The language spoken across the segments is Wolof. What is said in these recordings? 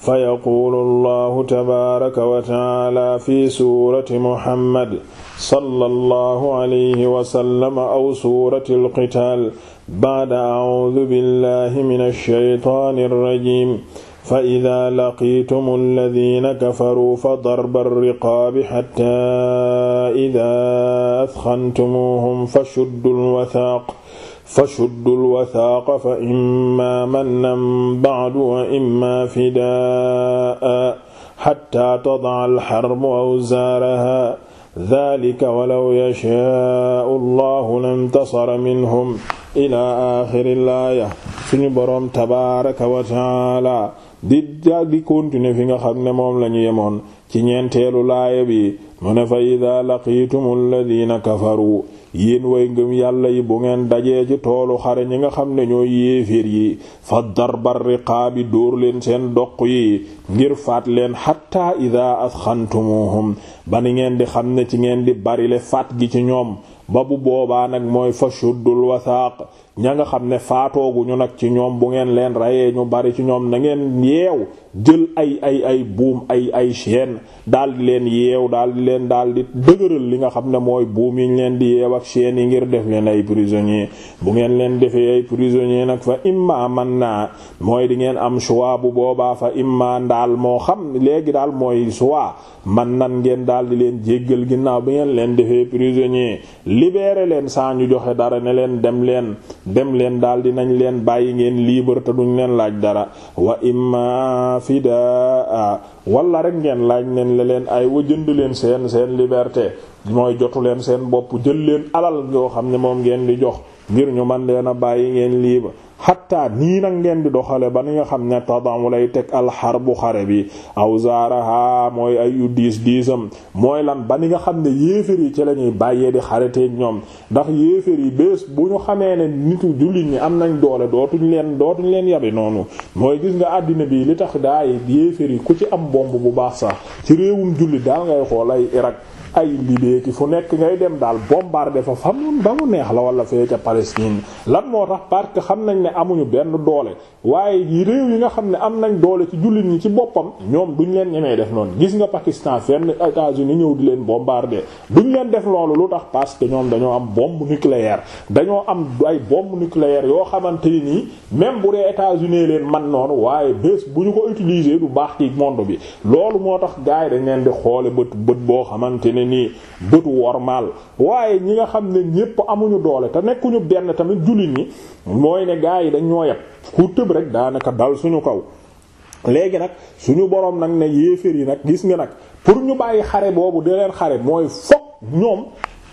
fa yaquulu allahu tabaaraka wa taala fi suurati muhammad sallallahu alayhi wa sallam aw suurati alqitaal ba'da a'uudu billahi mina shaytaani rajiim fa idaa laqiitumu alladiina kafaruu fa darba riqaabi xattaa idaa asxantumuuhum fa shuddu alwathaaq fashuddu alwathaaqa fa imma mannan ba'du wa imma fidaa hatta tadaa alharbu awzaaraha dhalika walaw yashaa'u allahu lantasara minhum ila aaxiri laaya suñu boroom tabaaraka wa ta'aala di daal di fi nga xam ne moom lañu yemoon ci ñeenteelu laaya bi mu ne fa ida laqiitumu alladina kafaru yéen way ngëm yàlla yi bu ngeen dajee ci toolu xare ñi nga xam ne ñooy yéeféer yi fa darbar riqaabi dóor leen seen doq yi ngir faat leen xatta ida asxantumuhum ba ni ngeen di xam ne ci ngeen di barile faat gi ci ñoom ba bu boobaa nag mooy fa shuddul wasaaq ña nga xam ne faatooguñu nag ci ñoom bu ngeen leen reyee ñu bari ci ñoom na ngeen yeew jël ay ay ay buum ay ay chaîne daal di leen yeew daal di leen daal di dëgëral li nga xam ne mooy buum yi ñu leen di yeew ak chaîne yi ngir def leen ay prisonnier bu ngeen leen defee ay nag fa imma man naa mooy di ngeen am choix bu boobaa fa imma daal moo xam léegi daal mooy choix man nan ngeen daal di leen jéggal ginnaaw bi ngeen leen defee prisonnier libéré leen saa ñu joxe dara ne leen dem leen dem leen daal dinañ leen bàyyi ngeen libre te duñ leen laaj dara wa imma fidaa wala rek ngeen laaj leen la leen ay wa jënd leen seen seen liberté mooy jotu leen seen bopp jël leen alal yoo xam ne moom ngeen di jox ngir ñu man leen a bàyyi ngeen libre xatta nii nag ngeen di doxale ba ni nga xam ne tadam lay teg bu xare bi awzaaraha mooy ay yu diis diisam mooy lan ba ni nga xam ne yéeféer yi ci la ñuy bàyyee di xareteeg ñoom ndax yéeféer yi bés bu ñu xamee ne nitu jullit ñi am nañ doole dootuñ leen dootuñ leen yabi noonu mooy gis nga àddina bi li tax daay yéeféer yi ku ci am bomb bu baax sax ci réewum jullit daal ngay xool ay Irak ay libéeti fu nekk ngay dem daal bombarder fa fa mu ba mu neex la wala fee ca Palestine lan moo tax parce que xam nañ ne amuñu benn doole waaye réew yi nga xam ne am nañ doole ci jullit ñi ci boppam ñoom duñ leen ñemee def noonu gis nga Pakistan fenn États-Unis ñëw di leen bombarder duñ leen def loolu lu tax parce que ñoom dañoo am bombe nucléaire dañoo am ay bombe nucléaire yoo xamante nii même bu dee États-Unis leen man noonu waaye bés bu ñu ko utiliser du baax ci monde bi loolu moo tax gaay dañ leen di bët boo xamante ne nii bëtu wormaal waaye ñi nga xam ne ñépp amuñu doole te nekkuñu benn tamit jullit ñi mooy ne gaa yi dañ ñoo yab ku tëb rek daanaka dal suñu kaw léegi nag suñu borom nag ne yéeféer yi nag gis ngi nag pour ñu bàyyi xare boobu di leen xare mooy fokk ñoom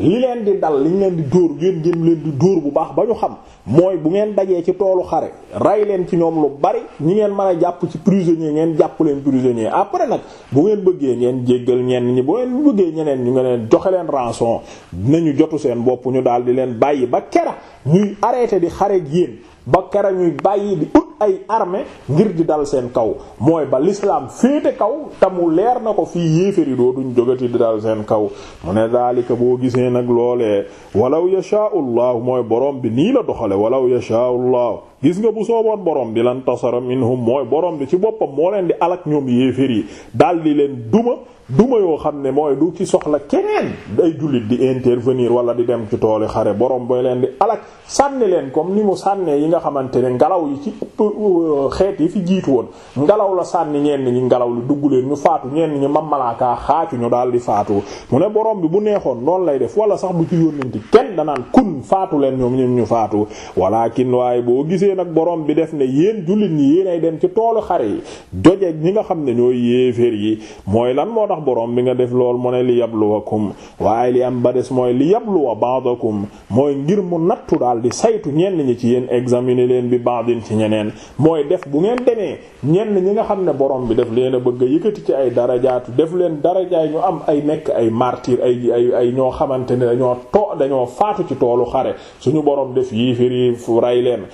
li leen di dal liñ leen di dóor ngeen ngeen leen di dóor bu baax ba ñu xam mooy bu ngeen dajee ci toolu xare rey leen ci ñoom lu bari ñi ngeen mën a jàpp ci prisonnier ngeen jàpp leen prisonnier après nag bu ngeen bëggee ngeen jéggal ñenn ñi bu ngeen bëggee ñeneen ñu nga leen joxe leen rançon dinañu jotu seen bopp ñu daal di leen bàyyi ba kera ñuy arrêté di xare ak yéen ba kera ñuy bàyyi di ay armée ngir di dal seen kaw mooy ba l'islam féete kaw te mu leer na ko fii yéeféri doo duñ jógati di dal seen kaw mu ne daalika boo gisee nag loolee walaw yashaa'u allah mooy borom bi nii la doxale walaw yashaa'u allah gis nga bu sooboon borom bi lan tasara minhum mooy borom bi ci boppam moo leen di alak ñoom yéefér yi daal di leen duma duma yoo xam ne mooy du ci soxla keneen day jullit di intervenir wala di dem ci tooli xare borom booy leen di alak sànni leen comme ni mu sànnee yi nga xamante ne ngelaw yi ci euh, xeet yi fi jiitu woon ngelaw la sànni ñenn ñi ngelaw li dugg leen ñu faatu ñenn ñi mamalaakaa xaacu ñu daal di faatu mu ne borom bi bu neexoon noonu lay def wala sax bu ci yónnanti kenn danaan kun faatu leen ñoom ñoom ñu faatu gisee nag boroom bi def ne yéen jullit ñi yéenay dem ci toolu xare yi dojeeg ñi nga xam ne ñooy yéeféer yi mooy lan moo tax boroom bi nga def lool mu ne li yabluwakum waaye li am ba des mooy li yabluwa ba'dakum mooy ngir mu nattu daal di saytu ñenn ñi ci yéen examiner leen bi ba'din ci ñeneen mooy def bu ngeen demee ñenn ñi nga xam ne borom bi def leen a bëgg a yëkkati ci ay darajaatu def leen darajaay ñu am ay nekk ay martyr ay ay ay ñoo xamante ne dañoo to dañoo faatu ci toolu xare suñu borom def yi ray leen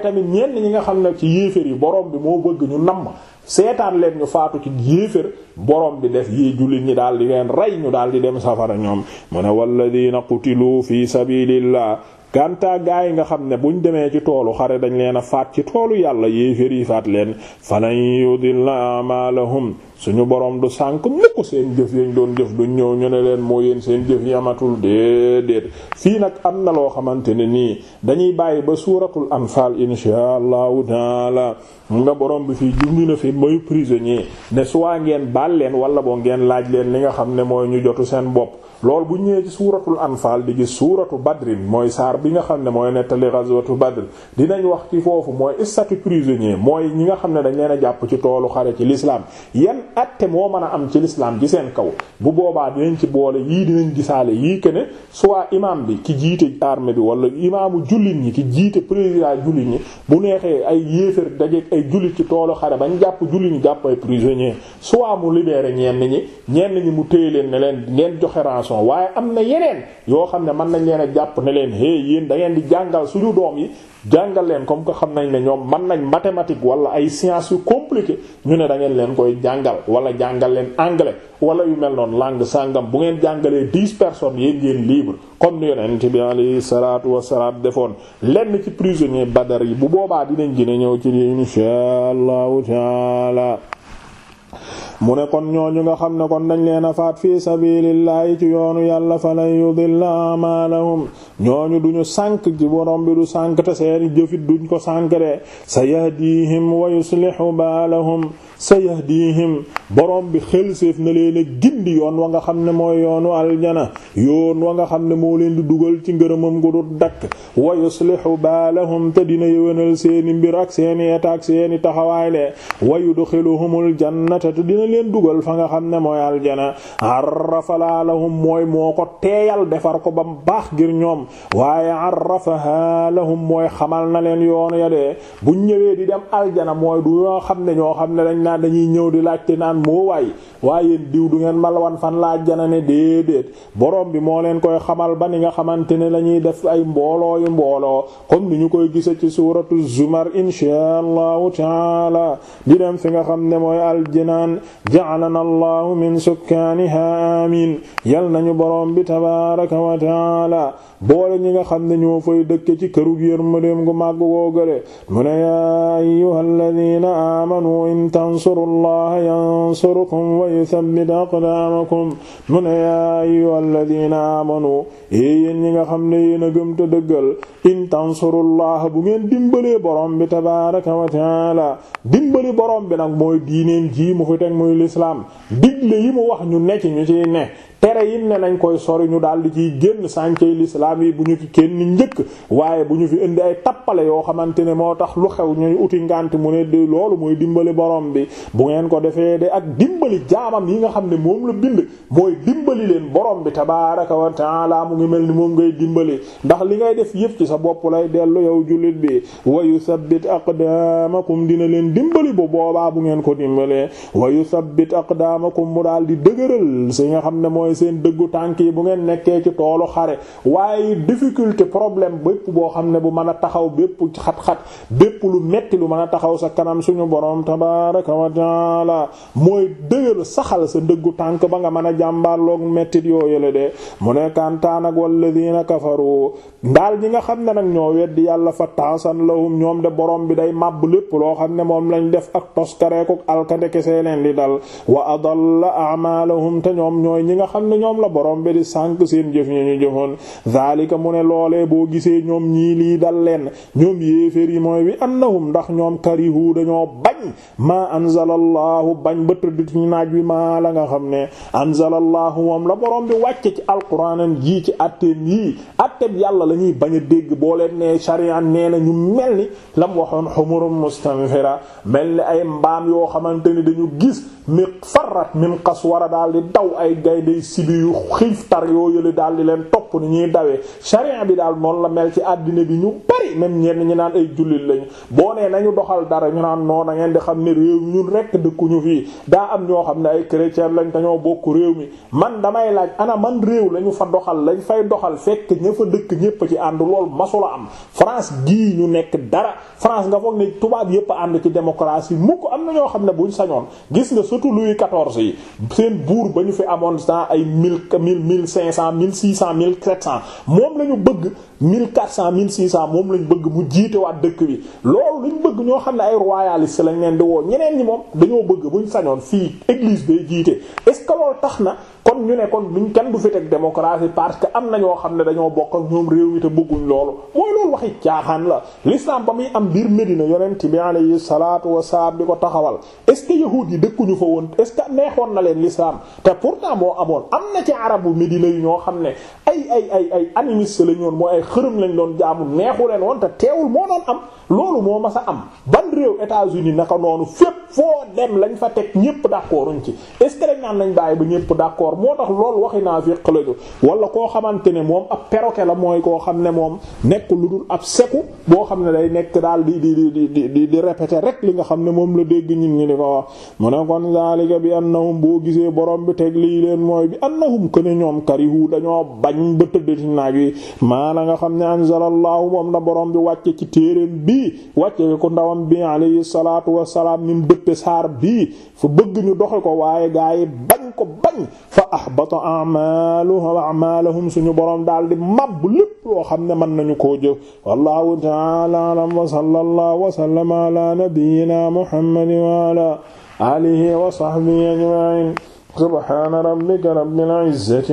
tamit ñenn ñi nga xam ne ci yéeféer yi borom bi moo bëgg ñu namm seetaan leen ñu faatu ci yéefér borom bi def yi jullit ñi daal di leen rey ñu daal di dem safara ñoom mu ne walladina qutilu fi sabilillah kanta gaa yi nga xam ne buñ demee ci toolu xare dañ leen a faat ci toolu yàlla yéefér yi faat leen falan yudilla amalahum suñu borom du sànk mukk seen jëf yañ doon jëf duñ ñëw ñu ne leen moo yéen seen jëf yi amatul déedéet fii nag am na loo xamante ne nii dañuy bàyyi ba suuratul anfaal insha allahu taala nga borom bi fii jundu na fi mooy prisonnier ne suwaa ngeen baal leen wala boo ngeen laaj leen li nga xam ne mooy ñu jotu seen bopp loolu bu ñëwee ci suuratul anfaal di gis suuratu badrin mooy saar bi nga xam ne mooy nettali ghazwatu badr dinañ wax ci foofu mooy statut prisonnier mooy ñi nga xam ne dañ leen a jàpp ci toolu xare ci l'islam yan atte moo mën a am ci l'islam ci seen kaw bu boobaa dinañ ci boole yii dinañ gisaale yii que ne soit bi ki jiite armée bi wala imaamu jullit ñi ki jiite président jullit ñi bu neexee ay yéefar dajeeg ay jullit ci toolu xare bañ jàpp jullit ñi jàpp ay prisonnier soit mu libéré ñenn ñi ñenn ñi mu téye leen ne ngeen joxe façon waaye am na yeneen yoo xam ne mën nañ leen a jàpp ne leen hey yéen da ngeen di jàngal suñu doom yi jàngal leen comme que xam nañ ne ñoom mën nañ mathématique wala ay sciences yu compliquées ñu ne dangeen leen koy jàngal wala jàngal leen anglais wala yu mel noonu langue sàngam bu ngeen jàngalee dix personnes yéen ngeen libre comme ni yonent bi alayhi salaatu wassalaam defoon lenn ci prisonnier Badar yi bu boobaa dinañ gën ñëw ci insha Allahu taala mu ne kon ñooñu nga xam ne kon dañ leen a faat fii sabilillahi ci yoonu yàlla falan la amalahum ñooñu duñu sànk ci borom bi du sànk te seeni jëfit duñ ko sànk de sa yahdihim wa yuslihu baalahum sa yahdihim borom bi xelséef na leen a gindi yoon wa nga xam ne mooy yoonu aljana yoon wa nga xam ne moo leen di dugal ci ngërëmam gu dul dakk wa yuslihu baalahum te dina yëwénal seeni mbir ak seeni état seeni taxawaay le wa yudxiluhumul jannata te dina dina leen dugal fa nga xam ne mooy aljana arrafalaa lahum mooy moo ko teeyal defar ko ba mu baax ngir ñoom waaye arrafaha lahum mooy xamal na leen yoon ya de buñ ñëwee di dem aljana mooy du ñoo xam ne ñoo xam ne dañ naan dañuy ñëw di laajte naan moo waay waaye diw du ngeen mal wan fan la aljana ne déedéet boroom bi moo leen koy xamal ba ni nga xamante ne lañuy def ay mbooloo yu mbooloo comme ni ñu koy gise ci suuratu zumar insha allahu taala dem fi nga xam ne mooy ja'alana allahu min sukkaaniha amin yal nañu boroom bi tabaaraka wa taala boole ñi nga xam ne ñoo fay dëkke ci kërug yërmandeem gu màgg googale mu ne yaa ayyuhal ladina aamanu in tansurullaha yansurukum wa yuthabbit ñi nga xam ne yéen a gëm te dëggal in tansurullaha bu ngeen dimbalee borom bi tabaaraka wa taala dimbali borom bi nag mooy diineen ji mu fi teg muy lislaam digle yi mu wax ñu ne ñu ciy ne tere yi ne nañ koy sori ñu daal di ciy génn sàncey lislaam yi bu ñu ci kenn njëkk waaye bu ñu fi indi ay tappale yoo xamante ne moo tax lu xew ñuy uti ngànt mu loolu mooy dimbali borom bi bu ngeen ko defee de ak dimbali jaamam yi nga xam ne moom la bind mooy dimbali leen borom bi tabaaraka wa taala mu ngi mel ni moom ngay dimbali ndax li ngay def yëpp ci sa bopp lay dellu yow jullit bi wa yusabbit aqdaamakum dina leen dimbali bu boobaa bu ngeen ko dimbalee wa yusabbit aqdaamakum mu daal di dëgëral si nga xam ne mooy seen dëggu tànk yi bu ngeen nekkee ci toolu xare waaye difficulté problème bépp boo xam ne bu mën a taxaw bépp xat-xat bépp lu metti lu mën a taxaw sa kanam suñu borom tabaraka wa taala mooy dëgël saxal sa dëggu tànk ba nga mën a jàmbaarloog mettit yooyu la de mu ne kantaan ak walladina kafaru ndaal ñi nga xam ne nag ñoo weddi yàlla fa tansan lahum ñoom de boroom bi day màbb lépp loo xam ne moom lañ def ak toskareekuk alkande kese leen di dal wa am na ñoom la borom bi di sànq seen jëf ñu ñu jëfoon ne loolee boo gisee ñoom ñii dal leen ñoom yéeféer yi mooy bi annahum ndax ñoom karihu dañoo bañ maa anzalallahu bañ ba tëdd naaj wi maa la nga xam ne anzalallahu moom la borom bi ci alquraanan jii ci atteem yii atteem yàlla la ñuy bañ dégg boo leen nee sharian nee na ñu mel ni lam waxoon xumurum mustanfira mel ni ay mbaam yoo xamante ni dañu gis mi farrat min qaswara daal di daw ay gaynde sibi yu xiif tar yoo yële daal di leen topp ni ñuy dawee charia bi daal noonu la mel ci àddina bi ñu bari même ñenn ñi naan ay jullit lañu boo nee nañu doxal dara ñu naan noonu na ngeen di xam ne réew ñun rekk dëkkuñu fii daa am ñoo xam ne ay chrétien lañ dañoo bokk réew mi man damay laaj ana man réew lañu fa doxal lañ fay doxal fekk ña fa dëkk ñépp ci ànd lool masula am France gii ñu nekk dara France nga foog ne tubaab yépp ànd ci démocratie mukk am na ñoo xam ne buñ sañoon gis nga surtout Louis XIV ay mille mille mille cinq cent mille six cent mille sept cent moom la ñu bëgg mille quatre cent mille six cent moom la ñu bëgg mu jiite waat dëkk bi loolu lañ bëgg ñoo xam ne ay royaliste lañ leen di woo ñeneen ñi moom dañoo bëgg buñ sañoon fii église bay jiite est-ce tax na kon ñu ne kon buñ kenn du fi teg démocratie parce que am na ñoo xam ne dañoo bokk ak ñoom réew mi te bëgguñ loolu mooy loolu waxi caaxaan la l'islam ba muy am biir Médina yonent bi alayhi salaatu wasalaam bi ko taxawal est-ce que yahuud yi dëkkuñu fa woon est-ce que neexoon na leen l'islam te pourtant moo amoon am na ci arabu Médina yi ñoo xam ne ay ay ay ay animiste lañ woon mooy ay xërëm lañ doon jaamu neexu leen teewul moo doon am loolu moo mas a am ban réew États-Unis naka noonu fépp foo dem lañ fa teg ñépp ci est-ce que dañ naan nañ bàyyi ba ñépp d'accord moo tax loolu waxi naa fi xëlaju koo xamante ne moom ab perroquet la mooy koo xam ne moom nekk lu dul ab boo xam ne day nekk daal di di di di di di répéter rek li nga xam ne moom la dégg ñun ñi di ko wax mu ne kon zalika bi annahum boo gisee borom bi teg lii leen mooy bi annahum ne ñoom karihu dañoo bañ nañ ba tëdd ci naaj wi maana nga xam ne anzalallahu moom la borom bi wàcce ci téereem bii wàcce ko ndawam bi alayhi salaatu wassalaam mi mu dëppe saar bii fu bëgg ñu doxe ko waaye gaa yi bañ ko bañ fa ahbata a'maluhum a'malahum suñu borom daal di màbb lépp loo xam ne mën nañu koo jëf wallahu ta'ala a'lam wa sallallahu wa sallama ala nabiyyina wa ala alihi wa sahbihi ajma'in subhana rabbika rabbil izzati